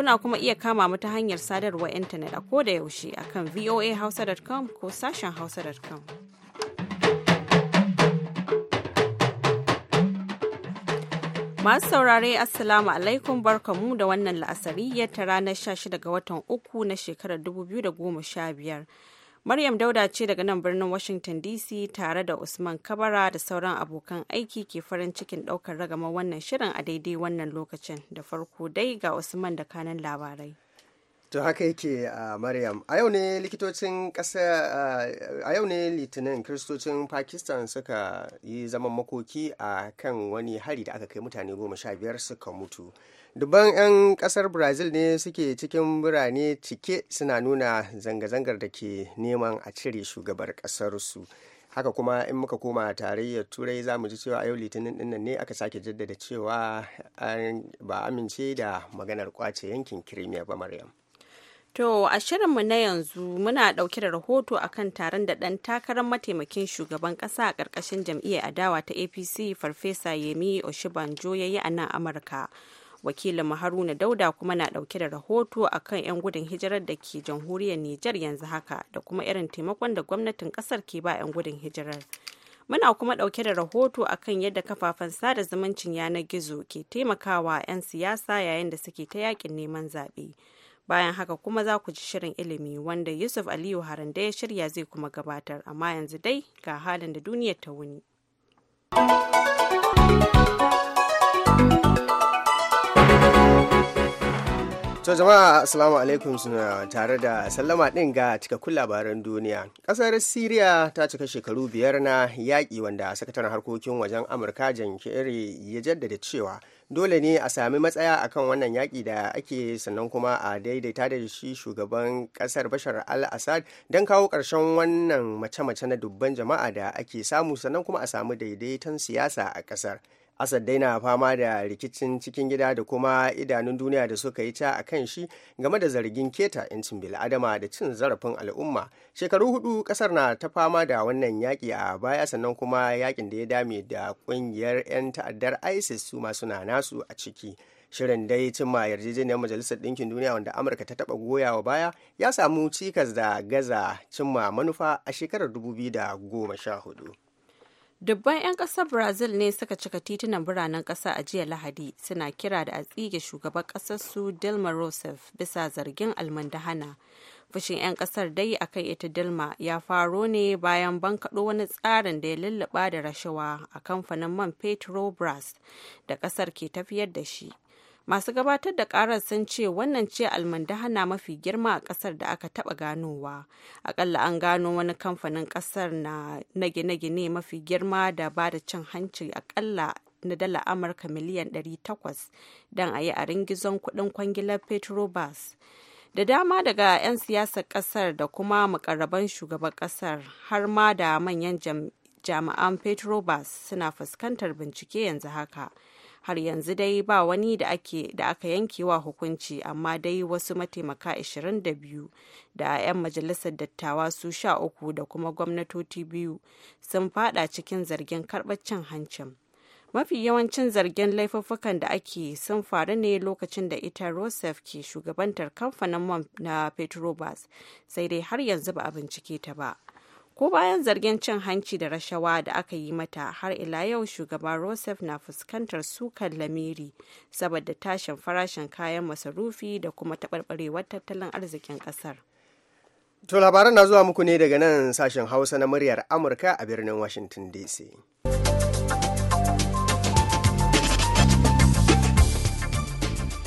Kuna kuma iya kama mu ta hanyar sadarwar intanet a koda yaushe akan voahausa.com ko sashen hausa.com. Masu saurare Assalamu alaikum barkamu da wannan la'asari ya ta ranar 16 ga watan uku na shekarar 2015. Maryam Dauda ce daga nan birnin Washington DC tare da Usman Kabara da sauran abokan aiki ke farin cikin ɗaukar ragama wannan shirin a daidai wannan lokacin da farko dai ga Usman da kanan labarai. to haka yake a maryam a yau ne likitocin ƙasa a yau ne litinin kiristocin pakistan suka yi zaman makoki a kan wani hari da aka kai mutane goma sha biyar suka mutu dubban 'yan kasar brazil ne suke cikin birane cike suna nuna zanga-zangar da ke neman a cire shugabar kasarsu haka kuma in muka koma tarayyar turai za mu ji cewa a yau litinin dinnan ne aka sake jaddada cewa ba amince da maganar kwace yankin kirimiya ba maryam To a shirinmu na yanzu muna ɗauke da rahoto akan taron da ɗan takarar mataimakin shugaban ƙasa a ƙarƙashin jam'iyyar adawa ta APC Farfesa Yemi Oshibanjo ya yi a nan Amurka. Wakilin Haruna Dauda kuma na ɗauke da rahoto akan 'yan gudun hijirar da ke jamhuriyar Nijar yanzu haka da kuma irin taimakon da gwamnatin ƙasar ke ba 'yan gudun hijirar. Muna kuma ɗauke da rahoto akan yadda kafafen sada zumuncin yanar gizo ke taimakawa 'yan siyasa yayin da suke ta yakin neman zaɓe. bayan haka kuma za ku ji shirin ilimi wanda yusuf aliyu haranda ya shirya zai kuma gabatar amma yanzu dai ga halin da duniyar ta wuni To jama'a assalamu alaikum suna tare da sallama ɗin ga cikakkun labaran duniya. kasar Siriya ta cika shekaru biyar na yaƙi wanda sakataren harkokin wajen Amurka Jan Kerry ya jaddada cewa dole ne a sami matsaya akan wannan yaƙi da ake sannan kuma a daidaita da shi shugaban ƙasar bashar al-assad don kawo ƙarshen wannan mace-mace na dubban jama'a da ake samu sannan kuma a samu daidaiton siyasa a ƙasar asad dai na fama da rikicin cikin gida da kuma idanun duniya da suka yi ta a kan shi game da zargin keta 'yancin bil'adama da cin zarafin al'umma shekaru hudu kasar na ta fama da wannan yaƙi a baya sannan kuma yaƙin da ya dame da ƙungiyar 'yan ta'addar isis su masu na nasu a ciki shirin dai cimma yarjejeniyar majalisar ɗinkin duniya wanda amurka ta taɓa goya wa baya ya samu cikas da gaza cimma manufa a shekarar 2014 Dubban 'yan ƙasar Brazil ne suka cika titunan biranen ƙasa a jiya Lahadi suna kira da a tsige shugaban ƙasar su Dilma Rousseff bisa zargin almandahana. Fushin 'yan ƙasar dai akan ita Dilma ya faro ne bayan bankaɗo wani tsarin da ya lulluɓa da rashawa a kamfanin man Petrobras da ƙasar ke tafiyar da shi. masu gabatar da karar sun ce wannan ce almandahana mafi girma a kasar da aka taba ganowa akalla an gano wani kamfanin kasar na gine-gine mafi girma da ba da cin hanci akalla na dala amurka miliyan 800 don a yi a ringizon kudin kwangilar petrobas da dama daga 'yan siyasar kasar da kuma mukarraban shugaban kasar har ma da manyan jami'an petrobas suna fuskantar bincike yanzu haka har yanzu dai ba wani da ake da aka yankewa hukunci amma dai wasu mataimaka 22 da 'yan majalisar dattawa su sha uku da kuma gwamnatoci biyu sun fada cikin zargin karɓar cin hancin mafi yawancin zargin laifuffukan da ake sun faru ne lokacin da ita rosef ke shugabantar kamfanin man na petrobas sai dai har yanzu ba a bincike ta ba ko bayan zargin cin hanci da rashawa da aka yi mata har ila yau Shugaba rosef na fuskantar sukan lamiri saboda tashin farashin kayan masarufi da kuma taɓarɓarewar tattalin arzikin ƙasar to labaran na zuwa muku ne daga nan sashen hausa na muryar amurka a birnin washington dc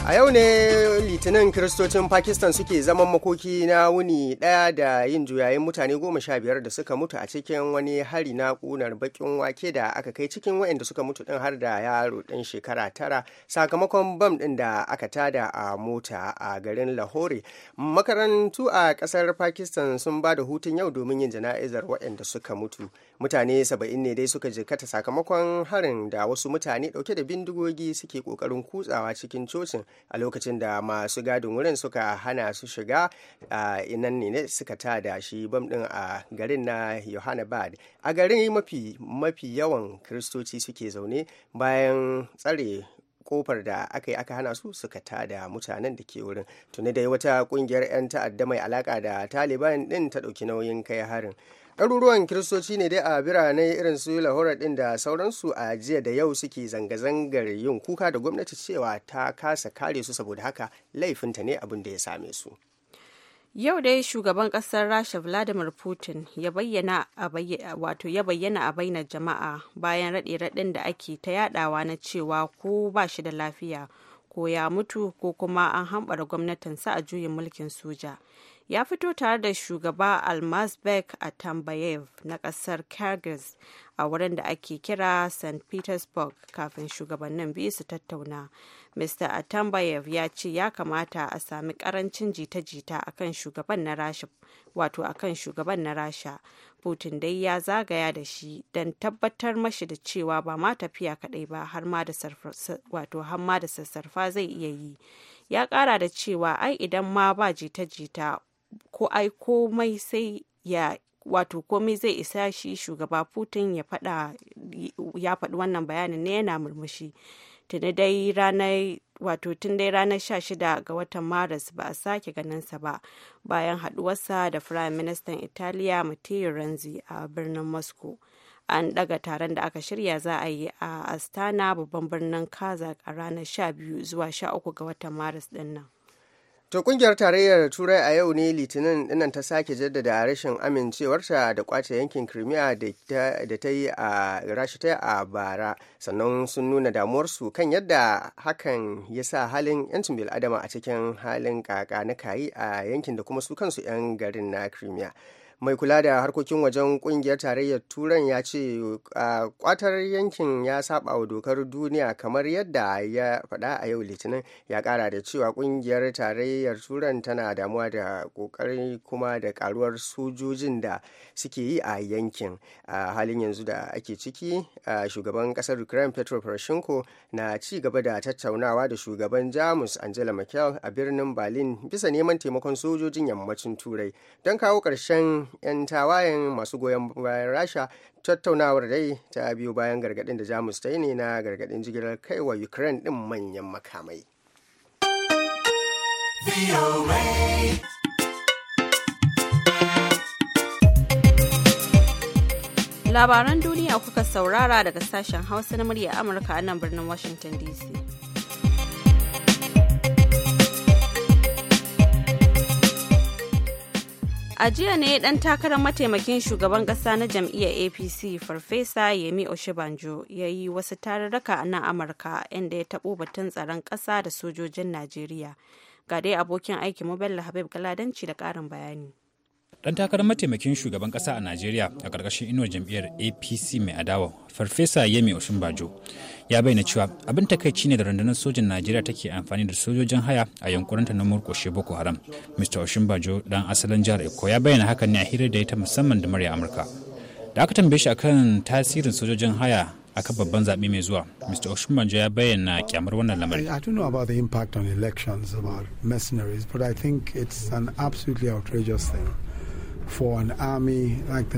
A yau ne litinin kiristocin Pakistan suke zaman makoki na wuni ɗaya da yin juyayin mutane goma sha biyar da suka mutu a cikin wani hari na ƙunar bakin wake da aka kai cikin waɗanda suka mutu ɗin har da yaro ɗin shekara tara sakamakon bam ɗin da aka tada a mota a garin Lahore. Makarantu a ƙasar Pakistan sun ba da hutun yau domin yin jana'izar waɗanda suka mutu. Mutane saba'in ne dai suka jirkata sakamakon harin da wasu mutane ɗauke da bindigogi suke ƙoƙarin kutsawa cikin cocin a lokacin da masu gadin wurin suka hana su shiga inan ne suka ta da shi bam din a garin na yohanabad a garin mafi mafi yawan kiristoci suke zaune bayan tsare kofar da aka yi aka hana su suka ta da mutanen da ke wurin tuni dai wata kungiyar 'yan ta'adda mai alaka da taliban din ta ɗauki nauyin kai harin ɗaruruwan kiristoci ne dai a birane irin su lahore ɗin da sauransu a jiya da yau suke zanga-zangar yin kuka da gwamnati cewa ta kasa kare su saboda haka laifinta ne abin da ya same su yau dai shugaban kasar rasha vladimir putin ya bayyana bayyana a bainar jama'a bayan raɗe-raɗin da ake ta yadawa na cewa ko ba shi da lafiya ko ya mutu ko kuma an hambara gwamnatinsa a juyin mulkin soja ya fito tare da shugaba a Tambayev na kasar kyrgyz a wurin da ake kira st petersburg kafin shugabannin biyu su tattauna mr atambayev ya ce ya kamata a sami karancin jita-jita akan shugaban na rasha wato akan shugaban na rasha putin dai ya zagaya da shi don tabbatar mashi da cewa ba ma tafiya kadai ba har ma da sassarfa zai iya yi ya kara da cewa ai idan ma ba jita-jita ko ai komai sai ya wato komai zai isa shi shugaba putin ya fada ya faɗi wannan bayanin ne yana murmushi tuni dai ranar wato tun dai ranar 16 ga watan maris ba a sake ganinsa ba bayan haduwarsa da firayim ministan italiya matteo renzi a birnin moscow an daga taron da aka shirya za a yi a astana babban birnin kazak a ranar 12 zuwa 13 ga watan maris dinnan. To kungiyar tarayyar Turai a yau ne Litinin dinnan ta sake jaddada rashin amincewarta da kwace yankin Crimea da ta yi a rashi a bara sannan sun nuna damuwarsu kan yadda hakan ya sa halin 'yancin bil'adama a cikin halin kaka na kayi a yankin da kuma su kansu 'yan garin na Crimea. mai kula da harkokin wajen kungiyar tarayyar turan ya ce kwatar yankin ya saba wa dokar duniya kamar yadda ya faɗa a yau litinin ya ƙara da cewa kungiyar tarayyar turan tana damuwa da ƙoƙari kuma da karuwar sojojin da suke yi a yankin a halin yanzu da ake ciki a shugaban ƙasar ukraine petro poroshenko na ci gaba da tattaunawa da shugaban jamus angela merkel a birnin berlin bisa neman taimakon sojojin yammacin turai don kawo ƙarshen 'yan tawayen masu goyon bayan rasha tattaunawar dai ta biyo bayan gargaɗin da jamus ta yi ne na gargadin jigilar kaiwa ukraine ɗin manyan makamai labaran duniya kuka saurara daga sashen hausa na murya amurka a nan birnin washington dc a jiya ne dan takarar mataimakin shugaban kasa na jam'iyyar apc farfesa yemi oshibanjo ya yi wasu tarurruka a nan amurka inda ya taɓo batun tsaron ƙasa da sojojin najeriya ga dai abokin aikin mu bello habib galadanci da ƙarin bayani dan takarar mataimakin shugaban kasa a najeriya a karkashin inuwar jam'iyyar apc mai adawa farfesa yemi osunbajo ya bayyana cewa abin takaici ne da rundunar sojin najeriya take amfani da sojojin haya a ta na murkushe boko haram mr osunbajo dan asalin jihar eko ya bayyana hakan ne a hirar da ita musamman da murya amurka da aka tambaye shi akan tasirin sojojin haya akan babban zaɓe mai zuwa mr osunbajo ya bayyana kyamar wannan lamarin i don't know about the impact on elections about mercenaries but i think it's an absolutely outrageous thing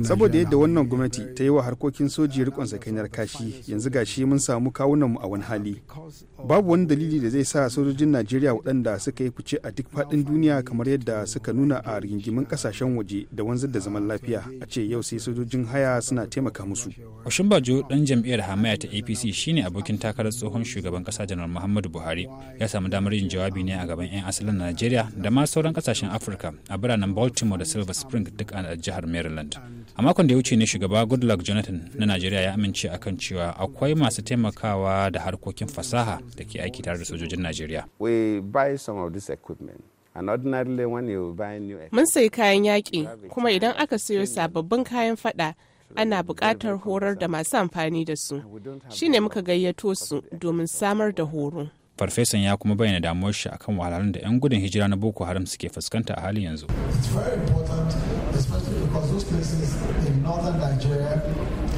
saboda yadda wannan gwamnati ta yi wa harkokin soji rikon sakainar kashi yanzu gashi mun samu kawunanmu a wani hali babu wani dalili da zai sa sojojin najeriya waɗanda suka yi fice a duk faɗin duniya kamar yadda suka nuna a rigingimin ƙasashen waje da wanzar da zaman lafiya a ce yau sai sojojin haya suna taimaka musu bajo ɗan jam'iyyar hamaya ta apc shine abokin takarar tsohon shugaban ƙasa janar muhammadu buhari ya samu damar yin jawabi ne a gaban 'yan asalin najeriya da ma sauran ƙasashen afirka a biranen baltimore da silver spring duk a jihar maryland a makon da ya wuce ne shugaba goodluck jonathan na najeriya ya amince akan cewa akwai masu taimakawa da harkokin fasaha da ke aiki tare da sojojin najeriya mun sayi kayan yaƙi kuma idan aka sayo sababbin kayan fada ana buƙatar horar da masu amfani da su shine muka gayyato su domin samar da horo farfesan ya kuma bayyana damuwar shi akan wahalhalun da 'yan gudun hijira na boko haram suke fuskanta a halin yanzu especially because those places in northern Nigeria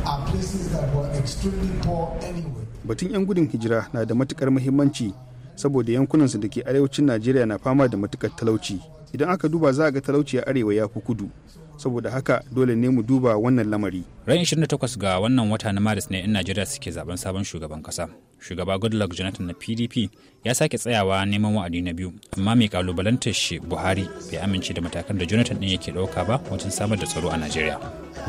are places that were extremely poor anyway. Batun 'yan gudun hijira na da matukar muhimmanci saboda yankunansu da ke arewacin najeriya na fama da matukar talauci idan aka duba za a ga talauci a arewa ya fi kudu saboda haka dole ne mu duba wannan lamari ran 28 ga wannan wata na maris ne in najeriya suke zaben sabon shugaban kasa shugaba goodluck jonathan na pdp ya sake tsayawa neman wa'adi na biyu amma mai kalubalantar shi buhari bai amince da matakan da jonathan din yake dauka ba wajen samar da tsaro a najeriya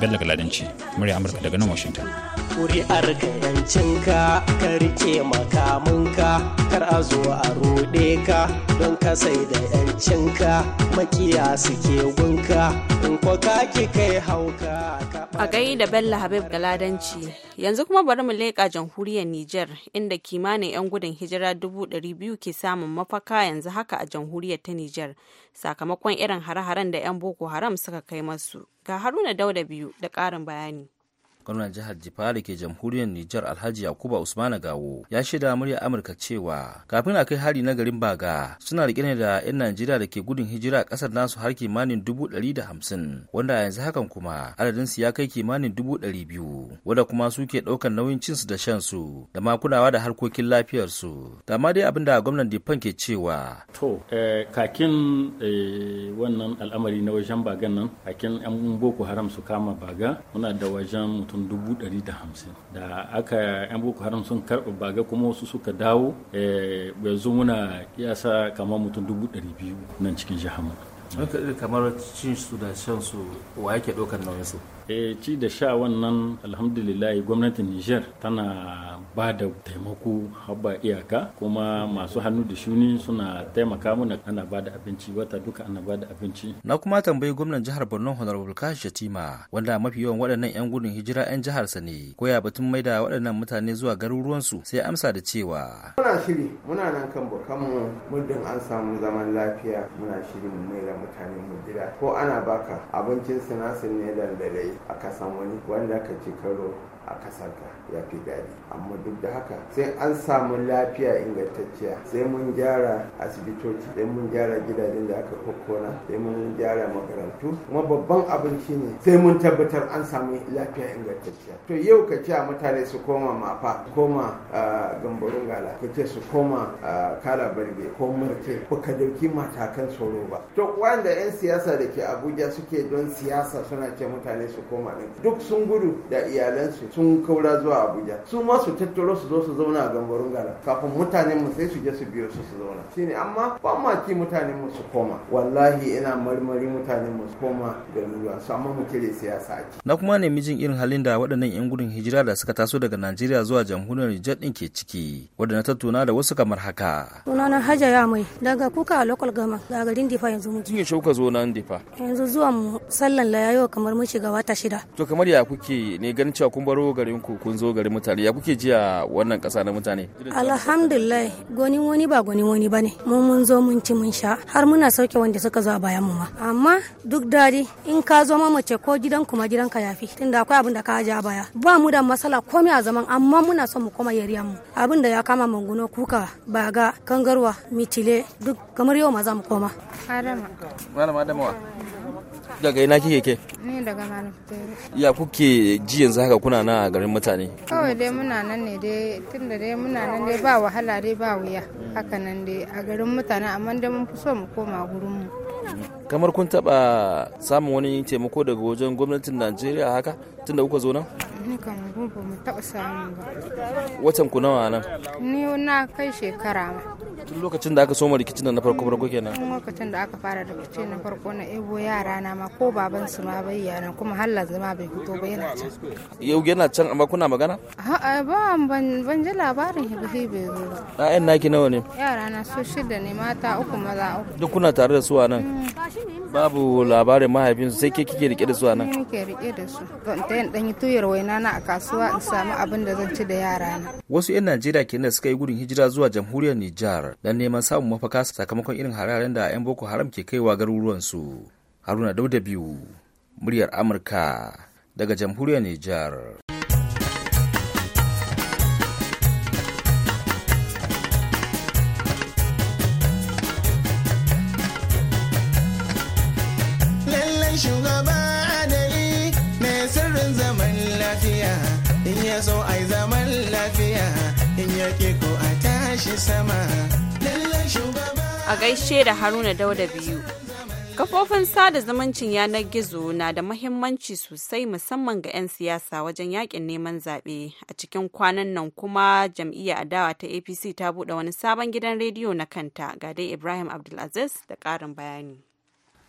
bello galadanci murya amurka daga nan washington ƙuri'ar ka yancinka ka rike makaminka kar a zo a ruɗe ka don ka sai da yancinka makiya suke gunka in ko ka ki kai hauka a gai da bello habib ladanci yanzu kuma bari mu leƙa jamhuriyar niger inda kimanin 'yan gudun hijira dubu biyu ke samun mafaka yanzu haka a jamhuriyar ta niger sakamakon irin hare-haren da 'yan boko haram suka kai masu ga haruna dauda biyu da ƙarin bayani gwamnan jihar da ke jamhuriyar nijar alhaji yakuba usmana gawo ya shaida murya amurka cewa kafin a kai hari na garin baga suna rike ne da 'yan najeriya da ke gudun hijira kasar nasu har kimanin dubu ɗari da hamsin wanda a yanzu hakan kuma adadin su ya kai kimanin dubu ɗari biyu wanda kuma su ke ɗaukar nauyin cinsu da shan su da ma kulawa da harkokin lafiyar su da ma dai abin da gwamnan difan ke cewa to eh, kakin eh, wannan al'amari na wajen bagan nan kakin 'yan boko haram su kama baga muna da wajen mutum mutum dubu ɗari da hamsin da aka yan boko haram sun karɓa baga kuma wasu suka dawo eh, zo muna kiyasa kamar mutum dubu ɗari biyu nan cikin jihar kamar cin su da shan su wa yake ɗaukar nauyin su e ci da sha wannan alhamdulillah gwamnatin Niger tana ba da taimako haba iyaka kuma masu hannu da shuni suna taimaka mana ana ba da abinci wata duka ana ba da abinci na kuma tambayi gwamnan jihar Borno Honorable Kashi Shatima wanda mafi yawan waɗannan yan gudun hijira yan jihar sa ne ko ya batun maida waɗannan mutane zuwa garuruwan su sai amsa da cewa muna shiri muna nan kan bukamu muddin an samu zaman lafiya muna shiri mu da mutane mu jira ko ana baka abincin sinasir ne dare a kasan wani wanda aka ce karo a kasanka ya fi daɗi amma duk da haka sai an samu lafiya ingantacciya sai mun gyara asibitoci sai mun gyara gidajen da aka kokkona sai mun gyara makarantu kuma babban abin ne. sai mun tabbatar an samu lafiya ingantacciya to yau ka ce mutane su koma mafa koma gambarun gala ka ce su koma kala barbe ko marke ko ka dauki matakan tsoro ba to wanda yan siyasa da ke abuja suke don siyasa suna ce mutane su koma ɗin duk sun gudu da iyalansu sun kaura zuwa abuja su ma su tattaro su zo su zauna a gambarun gara kafin mutanen mu sai su je su biyo su su zauna shine amma ba ma ki mutanen mu su koma wallahi ina marmari mutanen mu su koma garuruwa su amma mu kire siyasa ake na kuma ne mijin irin halin da waɗannan yan gudun hijira da suka taso daga najeriya zuwa jamhuriyar nijar din ke ciki waɗanda na tattuna da wasu kamar haka sunana ya mai daga kuka a lokal gama daga garin difa yanzu mu ya shauka zo nan difa yanzu zuwa mu sallan layayo kamar mu shiga wata shida to kamar ya kuke ne ganin cewa kun baro garin ku kun zo garin mutane ya kuke jiya wannan kasa na mutane alhamdulillah gonin wani ba gonin wani bane mu mun zo mun ci mun sha har muna sauke wanda suka zo a bayan mu ma amma duk dadi in ka zo ma mace ko gidan kuma gidan ka yafi tunda akwai abin da ka a baya ba mu da masala komai a zaman amma muna son mu koma yariyan mu abin da ya kama manguno kuka baga kangarwa mitile duk kamar yau ma za mu koma malama adamawa daga ina kike ke ni daga manufatere ya kuke ji yanzu haka kuna nan a garin mutane kawai dai muna nan ne dai tunda dai muna nan dai ba wahala dai ba wuya haka nan dai a garin mutane amma dai mun fi so mu koma gurin mu kamar kun taba samun wani taimako daga wajen gwamnatin Najeriya haka tunda kuka zo nan ni kan ba mu taɓa samu ba watan ku nawa nan ni na kai shekara ma tun lokacin da aka soma rikicin na farko farko kenan tun lokacin da aka fara rikici na farko na ebo yara na ma ko baban su ma bai yana kuma hallan zama bai fito ba yana can yau yana can amma kuna magana a'a ba ban ji labarin hibe bai zo ba ɗayan naki nawa ne yara na su shida ne mata uku maza uku duk kuna tare da su a nan babu labarin mahaifinsu sai ke kike rike da su a nan ni ke rike da su ban ta yin yi tuyar waina rana a kasuwa in samu abin da zan ci da yarana. Wasu 'yan Najeriya kenan da suka yi gudun hijira zuwa jamhuriyar Nijar don neman samun mafaka sakamakon irin hararen da 'yan Boko Haram ke kaiwa garuruwansu. Haruna Dauda biyu, muryar Amurka daga jamhuriyar Nijar. in ya so ai zaman lafiya in ya ke ko a tashi sama a gaishe da haruna dauda biyu kafofin sada zumuncin yanar gizo na da mahimmanci sosai musamman ga 'yan siyasa wajen yakin neman zaɓe a cikin kwanan nan kuma jam'iyyar adawa ta apc ta buɗe wani sabon gidan rediyo na kanta ga ibrahim abdulaziz da ƙarin bayani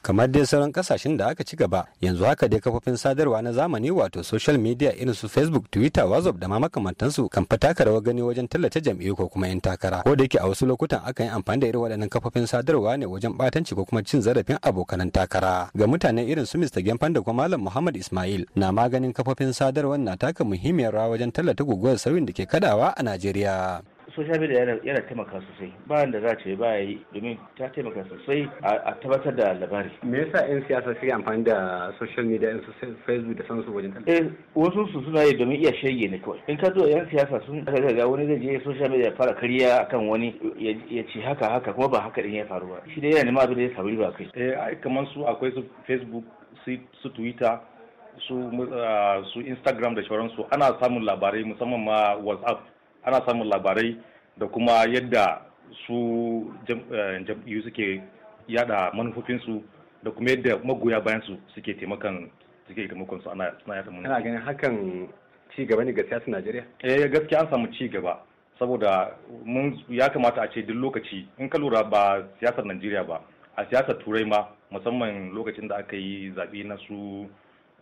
kamar dai sauran kasashen da aka ci gaba yanzu haka dai kafofin sadarwa na zamani wato social media irin su facebook twitter whatsapp da ma makamantansu kan taka rawar gani wajen tallata jam'iyyu ko kuma yan takara ko da yake a wasu lokutan aka yi amfani da irin waɗannan kafofin sadarwa ne wajen batanci ko kuma cin zarafin abokanan takara ga mutane irin su mr gemfan da kuma malam muhammad ismail na maganin kafofin sadarwa na taka muhimmiyar rawa wajen tallata guguwar sauyin da ke kadawa a najeriya social media yana taimaka sosai bayan da za ce ba yi domin ta taimaka sosai a tabbatar da labari me yasa yan siyasa suke amfani da social media in su facebook da sansu wajen eh wasu su suna yi domin iya shege ne kawai in ka zo yan siyasa sun aka ga wani zai je social media fara kariya akan wani ya ce haka haka kuma ba haka din ya faru ba shi dai yana nema abin da ya samu riba kai eh kamar su akwai su facebook su twitter ah, su instagram da sauransu ana samun labarai musamman ma whatsapp ana samun labarai da kuma yadda su eh, jam'iyyu suke yada manufofinsu da kuma yadda magoya bayan su suke taimakon suke taimakon su ana suna yada manufofi. Ana ganin hakan ci gaba ne ga siyasar Najeriya? Eh gaskiya an samu ci gaba saboda mun ya kamata a ce duk lokaci in ka lura ba siyasar Najeriya ba a siyasar Turai ma musamman lokacin da aka yi zaɓe na su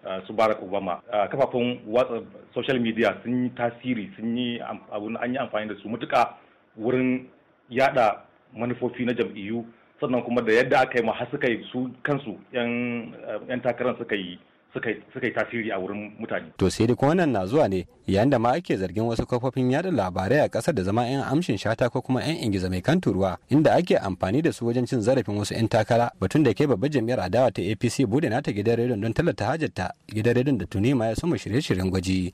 eh, su Barack Obama eh, kafafen watsa social media sun yi tasiri sun yi an yi amfani da su matuka wurin yada manufofi na jam'iyyu sannan kuma da yadda aka yi ma har suka su kansu yan eh, takarar suka yi suka yi tasiri a wurin mutane. To sai dai kuma wannan na zuwa ne yayin da ma ake zargin wasu kafofin yada labarai a ƙasar da zama 'yan amshin shata ko kuma 'yan ingiza mai kan turuwa inda ake amfani da su wajen cin zarafin wasu 'yan takara batun da ke babbar jam'iyyar adawa ta APC bude nata gidan rediyon don tallata hajarta gidan rediyon da tuni ma ya soma shirye-shiryen gwaji.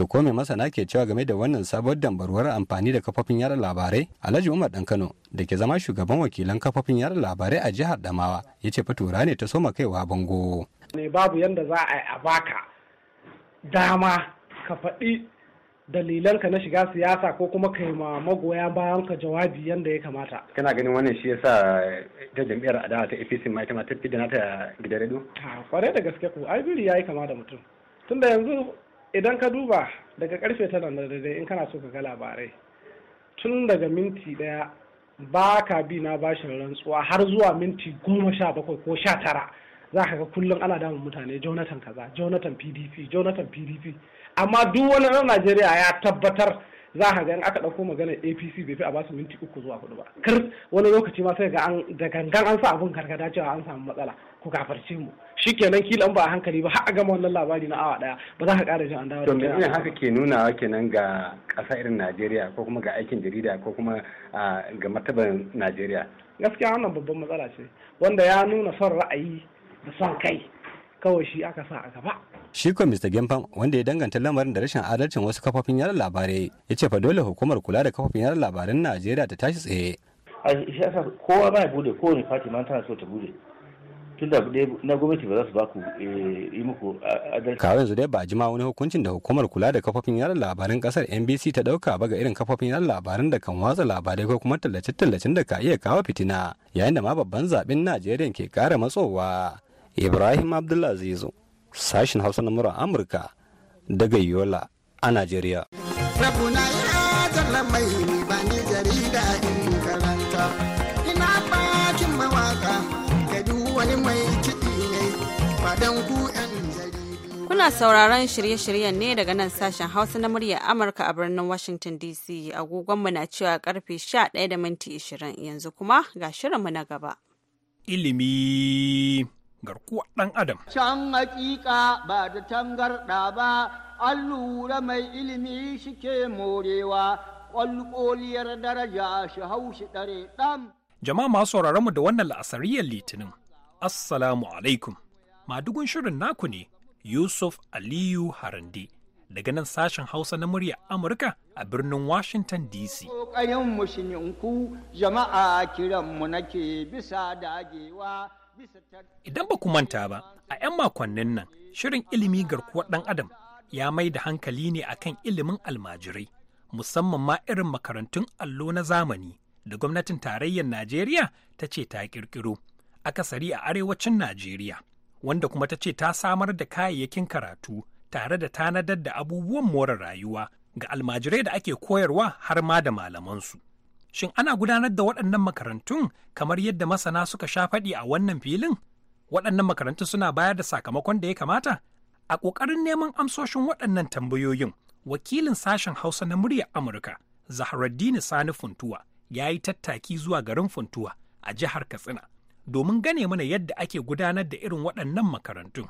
To ko mai masana ke cewa game da wannan sabon dambarwar amfani da kafofin yara labarai? Alhaji Umar Dan Kano da ke zama shugaban wakilan kafofin yara labarai a jihar Damawa ya ce fatura ne ta soma kaiwa bango. Ne babu yanda za a yi a baka dama ka faɗi dalilanka na shiga siyasa ko kuma ka yi magoya bayan ka jawabi yanda ya kamata. Kana ganin wannan shi yasa eh, ta jam'iyyar adawa ta APC ma ita ma ta fi da nata gidan redo? Ah, kwarai da gaske ko ai biri ya yi kama da mutum. Tunda yanzu idan ka duba daga karfe tara na dare in kana so ka ga labarai tun daga minti daya ba ka bi na bashin rantsuwa har zuwa minti goma sha bakwai ko sha tara za ka ga kullum ana damun mutane jonathan kaza jonathan pdp jonathan pdp amma duk wani na najeriya ya tabbatar za ka ga in aka dauko maganar apc bai fi a basu minti uku zuwa hudu ba kar wani lokaci ma sai ga an da gangan an sa abun gargada cewa an samu matsala ku gafarce mu shi kenan kila ba a hankali ba har a gama wannan labari na awa daya ba za ka kara jin an dawo da ina haka ke nunawa kenan ga ƙasa irin Najeriya ko kuma ga aikin jarida ko kuma ga martaban Najeriya gaskiya wannan babban matsala ce wanda ya nuna son ra'ayi da son kai kawai shi aka sa a gaba shi ko Mr. Gemfam wanda ya danganta lamarin da rashin adalcin wasu kafofin yada labarai ya ce fa dole hukumar kula da kafofin yaran labaran Najeriya ta tashi tsaye a shi yasa kowa ba ya bude kowane fati ma tana so ta bude tunda na gwamnati ba za su baku eh, yi muku adalci. kawai yanzu dai ba jima wani hukuncin da hukumar kula da kafofin yada labarin kasar NBC ta dauka ba ga irin kafofin yada labaran da kan watsa labarai ko kuma tallace-tallacen da ka iya kawo fitina yayin da ma babban zaben Najeriya ke kara matsowa. Ibrahim Abdulaziz sashen Hausa na mura Amurka daga Yola a Najeriya. Rabuna ba ni jarida in karanta. Kuna sauraron shirye-shiryen ne daga nan sashen Hausa na muryar Amurka a birnin Washington DC. Agogonmu na cewa karfe ɗaya da minti yanzu kuma ga shirinmu na gaba. Ilimi garkuwa ɗan Adam. Can hakika ba da tangarɗa ba, an lura mai ilimi shike morewa, ƙwalƙoliyar daraja shi haushi ɗare ɗan. Jama'a masu sauraronmu da wannan la'asariyar Litinin. Assalamu alaikum. madugun shirin naku ne Yusuf Aliyu Harande daga nan sashen Hausa na murya Amurka a birnin Washington DC. Idan ba ku manta ba, a 'yan makonnin nan shirin ilimi garkuwar ɗan adam ya mai da hankali ne akan ilimin almajirai, musamman ma irin makarantun allo na zamani da gwamnatin tarayyar Najeriya ta ce ta ƙirƙiro, akasari a arewacin Najeriya. wanda kuma ta ce ta samar da kayayyakin karatu tare da tanadar da abubuwan more rayuwa ga almajirai da ake koyarwa har ma da malamansu. Shin ana gudanar da waɗannan makarantun kamar yadda masana suka sha faɗi a wannan filin? Waɗannan makarantun suna bayar da sakamakon da ya kamata? A ƙoƙarin neman amsoshin waɗannan tambayoyin, wakilin sashen Hausa na muryar Amurka, Zahraddini Sani Funtuwa, ya yi tattaki zuwa garin Funtuwa a jihar Katsina domin gane mana yadda ake gudanar da irin waɗannan makarantun.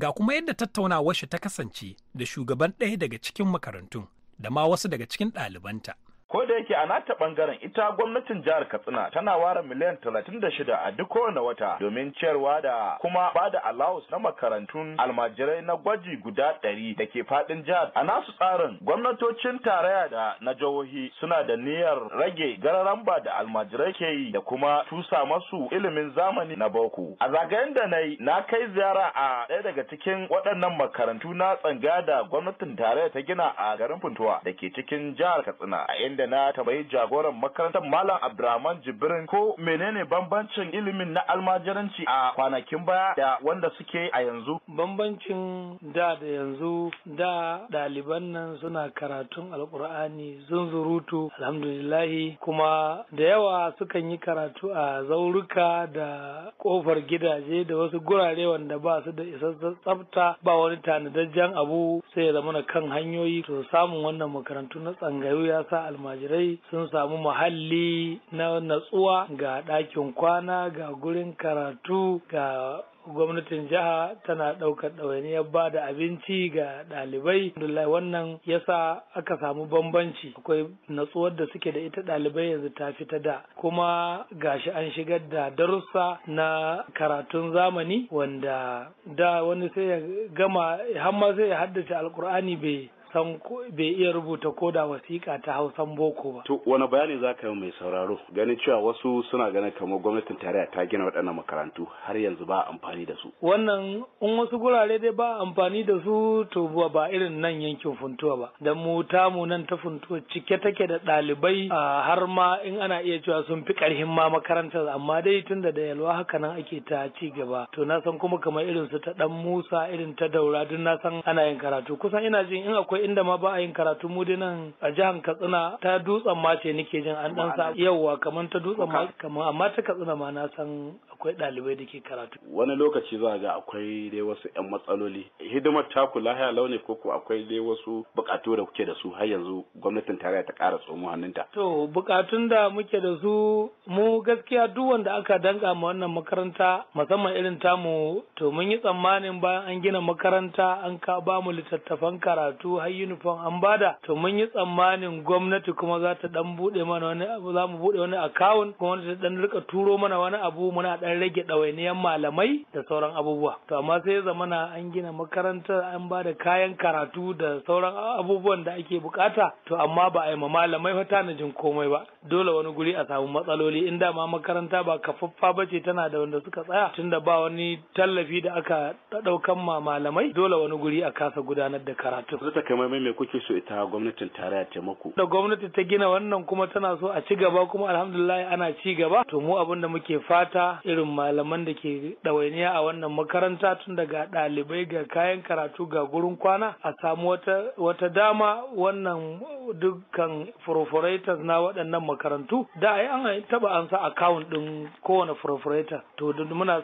Ga kuma yadda tattaunawar shi ta kasance da shugaban ɗaya daga cikin makarantun da ma wasu daga cikin ɗalibanta. ko da yake a nata bangaren ita gwamnatin jihar katsina tana ware miliyan talatin da shida a duk kowane wata domin ciyarwa da kuma ba da allowance na makarantun almajirai na gwaji guda ɗari da ke faɗin jihar a nasu tsarin gwamnatocin tarayya da na jihohi suna da niyyar rage ba da almajirai ke yi da kuma tusa masu ilimin zamani na boko a zagayen da na yi na kai ziyara a ɗaya daga cikin waɗannan makarantu na tsanga da gwamnatin tarayya ta gina a garin funtuwa da ke cikin jihar katsina a inda da na yi jagoran makarantar Malam Abdurrahman Jibrin ko menene bambancin ilimin na almajiranci a kwanakin baya da wanda suke a yanzu. Bambancin da da yanzu da ɗaliban nan suna karatun alkur'ani sun zunzurutu alhamdulillahi kuma da yawa sukan yi karatu a zauruka da kofar gidaje da wasu gurare wanda ba su da isassun tsafta ba wani tanadajjen abu sai ya zama kan hanyoyi to samun wannan makarantu na tsangayu ya sa almajiranci almajirai sun samu muhalli na natsuwa ga ɗakin kwana ga gurin karatu ga gwamnatin jiha tana ɗaukar ɗawainiyar ba da abinci ga ɗalibai alhamdulillah wannan yasa aka samu bambanci akwai natsuwar da suke da ita ɗalibai yanzu ta fita da kuma ga shi an shigar da darussa na karatun zamani wanda da wani sai ya gama hamma sai ya haddace alkur'ani bai san bai iya rubuta ko da wasiƙa ta hausan boko ba. To wani bayani za ka yi mai sauraro ganin cewa wasu suna ganin kamar gwamnatin tarayya ta gina waɗannan makarantu har yanzu ba amfani da su. Wannan in wasu gurare dai ba amfani da su to ba irin nan yankin funtuwa ba. Da mu mu nan ta funtuwa cike take da ɗalibai har ma in ana iya cewa sun fi ƙarhin ma makarantar amma dai tun da da yalwa haka nan ake ta ci gaba. To na san kuma kamar irin su ta ɗan Musa irin ta daura duk na san ana yin karatu kusan ina jin in akwai inda ma ba a yin karatu mu dai nan a jihar Katsina ta dutsen ma ce nake jin an dan sa yauwa kamar ta dutsen ma kamar amma ta Katsina ma na san akwai ɗalibai da ke karatu. Wani lokaci za ga akwai dai wasu 'yan matsaloli. Hidimar ta taku lahiya launi ko ko akwai dai wasu buƙatu da kuke da su har yanzu gwamnatin tarayya ta ƙara tsomo hannunta. To bukatun da muke da su mu gaskiya duk wanda aka danga ma wannan makaranta musamman irin tamu to mun yi tsammanin bayan an gina makaranta an ka ba mu littattafan karatu uniform an bada to mun yi tsammanin gwamnati kuma za ta dan bude mana wani abu za mu bude wani account kuma ta dan rika turo mana wani abu muna dan rage ɗawainiyan malamai da sauran abubuwa to amma sai zamana an gina makarantar an bada kayan karatu da sauran abubuwan da ake bukata to amma ba a yi ma malamai fa jin komai ba dole wani guri a samu matsaloli in dama makaranta ba kafaffa ba ce tana da wanda suka tsaya tunda ba wani tallafi da aka ɗaukan ma malamai dole wani guri a kasa gudanar da karatu. mai me kuke so ita gwamnatin tarayya taimako da gwamnati ta gina wannan kuma tana so a ci gaba kuma alhamdulillah ana ci gaba to mu abin da muke fata irin malaman da ke ɗawainiya a wannan makaranta tun daga ɗalibai ga kayan karatu ga gurin kwana a samu wata wata dama wannan dukkan proforators na waɗannan makarantu da ai an taba an sa account ɗin kowane proforator to muna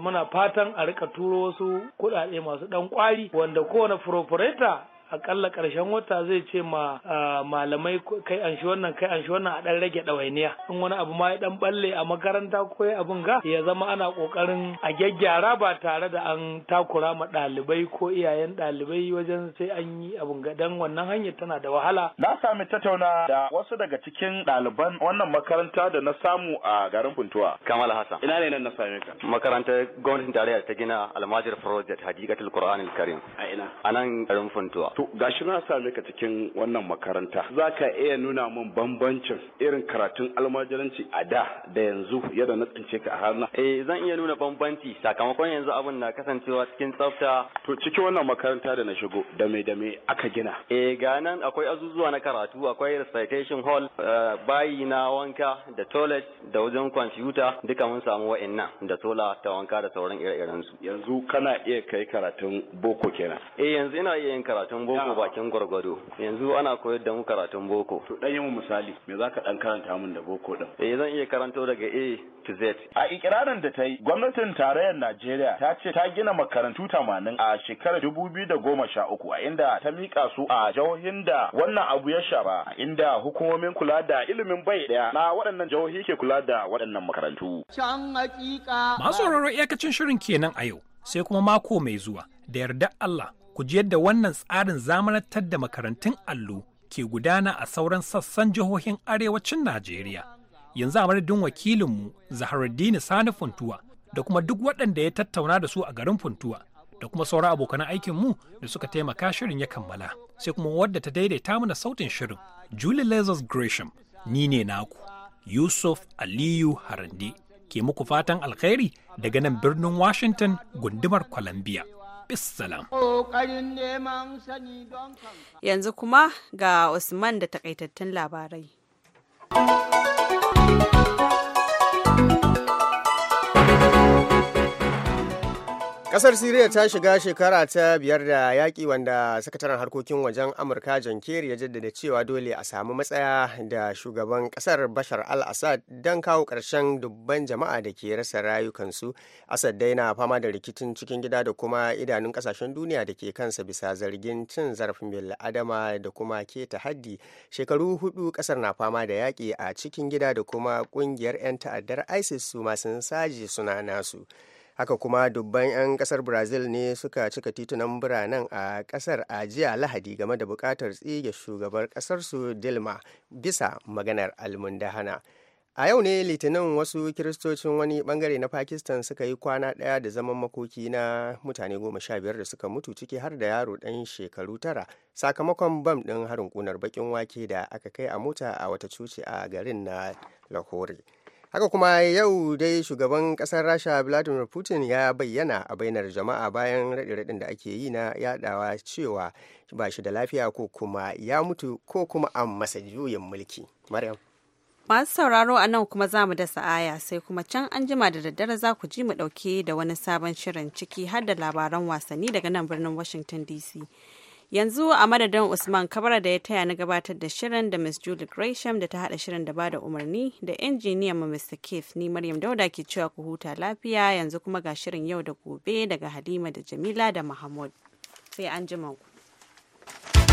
muna fatan a rika turo wasu kuɗaɗe masu ɗan kwari wanda kowane proforator akalla karshen wata zai ce ma malamai kai an shi wannan kai an shi wannan a dan rage ɗawainiya in wani abu ma ya dan balle a makaranta ko ya abun ga ya zama ana kokarin a gyaggyara ba tare da an takura ma ɗalibai ko iyayen ɗalibai wajen sai an yi abun ga dan wannan hanyar tana da wahala na sami tattauna da wasu daga cikin ɗaliban wannan makaranta da na samu a garin Funtuwa Kamal Hassan ina ne nan na same ka makarantar gwamnatin tarayya ta gina almajir project Hadiqatul qur'anil karim a ina a nan garin Funtuwa to to gashi na same ka cikin wannan makaranta za ka iya nuna min bambancin irin karatun almajiranci a da da yanzu yadda na tsince ka a harna eh zan iya nuna bambanci sakamakon yanzu abin na kasancewa cikin tsafta to cikin wannan makaranta da na shigo da me da me aka gina eh ga nan akwai azuzuwa na karatu akwai recitation hall eh, bayi na wanka da toilet da wajen kwamfuta duka mun samu wa'annan da sola ta wanka da sauran ire-iren su yanzu kana iya kai karatun boko kenan eh yanzu ina iya yin karatun boko boko bakin gwargwado yanzu ana koyar da mu karatun boko to dan yi mu misali me zaka dan karanta mun da boko din eh zan iya karanto daga A to Z a ikirarin da ta yi gwamnatin tarayyar Najeriya ta ce ta gina makarantu 80 a shekarar 2013 a inda ta mika su a jahohin da wannan abu ya shafa inda hukumomin kula da ilimin bai daya na waɗannan jahohi ke kula da waɗannan makarantu can hakika masu iyakacin shirin kenan a yau sai kuma mako mai zuwa da yarda Allah ku ji yadda wannan tsarin zamanantar da makarantun allo ke gudana a sauran sassan jihohin arewacin Najeriya. Yanzu a madadin wakilinmu Zaharuddin Sani Funtuwa da kuma duk waɗanda ya tattauna da su a garin Funtuwa da kuma sauran abokan aikinmu da suka taimaka shirin ya kammala. Sai kuma wadda ta daidaita mana sautin shirin Julie Lazarus Gresham ni ne naku Yusuf Aliyu Harande ke muku fatan alkhairi daga nan birnin Washington gundumar Columbia. Bissalam. Yanzu kuma ga Usman da takaitattun labarai. Kasar Siriya ta shiga shekara ta biyar da yaƙi wanda sakataren harkokin wajen Amurka John Kerry ya jaddada cewa dole a samu matsaya da shugaban kasar Bashar al-Assad don kawo ƙarshen dubban jama'a da ke rasa rayukansu. Assad dai na fama da rikicin cikin gida da kuma idanun kasashen duniya da ke kansa bisa zargin cin zarafin bil'adama da kuma keta haddi. Shekaru hudu kasar na fama da yaƙi a cikin gida da kuma ƙungiyar 'yan ta'addar ISIS su masu saji suna nasu. haka kuma dubban 'yan kasar brazil ne suka cika titunan biranen a kasar a jiya lahadi game da bukatar tsige shugabar kasarsu dilma bisa maganar almundahana a yau ne litinin wasu kiristocin wani bangare na pakistan suka yi kwana daya da zaman makoki na mutane goma sha biyar da suka mutu ciki har da yaro dan shekaru tara sakamakon bam din harin kunar bakin wake da aka kai a mota a wata cuci a garin na lahore haka kuma yau dai shugaban kasar rasha vladimir putin ya bayyana a bainar jama'a bayan raɗe-raɗin da ake yi na yadawa cewa ba shi da lafiya ko kuma ya mutu ko kuma a masa juyin mulki maryam masu sauraro a nan kuma za mu dasa aya sai kuma can an jima da daddare za ku ji mu ɗauke da wani sabon shirin ciki har da labaran wasanni daga nan birnin washington dc yanzu a madadin usman kabara da ya taya na gabatar da shirin da miss julie gresham da ta hada shirin da bada umarni da injiniyan mu mr keith ni maryam dauda ke cewa ku huta lafiya yanzu kuma ga shirin yau da gobe daga halima da jamila da mahmud sai an jima ku